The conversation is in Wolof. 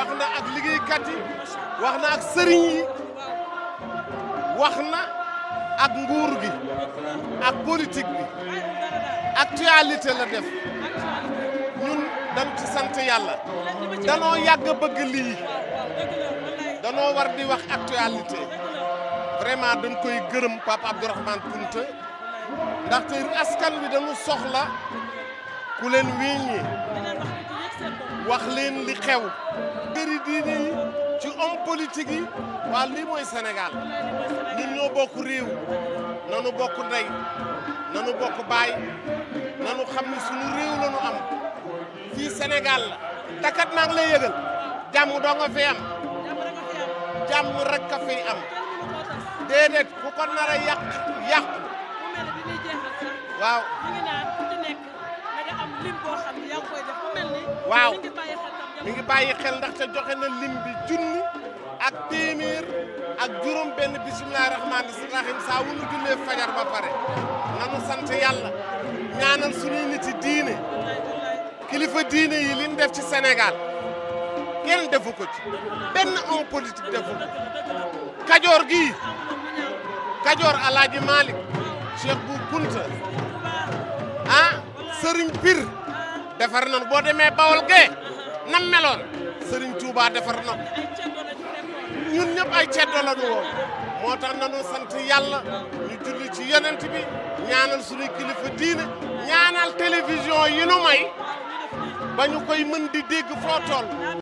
wax na ak liggéeykat wax na ak sëriñ yi wax na ak nguur gi ak politique bi actualité la def ñun dañ ci sant yàlla danoo yàgg bëgg lii danoo war di wax actualité vraiment dañ koy gërëm Pape Abdourahmane Kounta ndaxte askan wi dañu soxla ku leen wiiñ ñi wax leen li xew këri diine ci homme politique yi waa lii mooy Sénégal ñun ñoo bokk réew nanu bokk ndey nanu bokk baay nanu xam ni suñu réew la ñu am fii Sénégal la takat maa ngi lay yëgal doo nga fi am jàmm rek ka fi am déedéet ku ko nar a yàq waaw mi ngi bàyyi xel ndaxte joxe na lim bi junni ak téeméer ak juróom benn bisimilah rahmaani rahim saa wu ñu jullee fajar ba pare nanu sant yàlla ñaanal suñuy nit yi kilifa diine yi def ci Sénégal kenn defu ko ci benn homme politique defu kajoor gii kajoor alaaji Malick Cheikh bu Kunta ah Serigne Pir defar boo demee Bawol gee nam meloon Serigne Touba defar na ñun ñëpp ay ceddo la ñu moo tax nanu sant yàlla ñu julli ci yonent bi ñaanal suñu kilifa diine ñaanal télévision yi nu may ba koy mën di dégg foo toll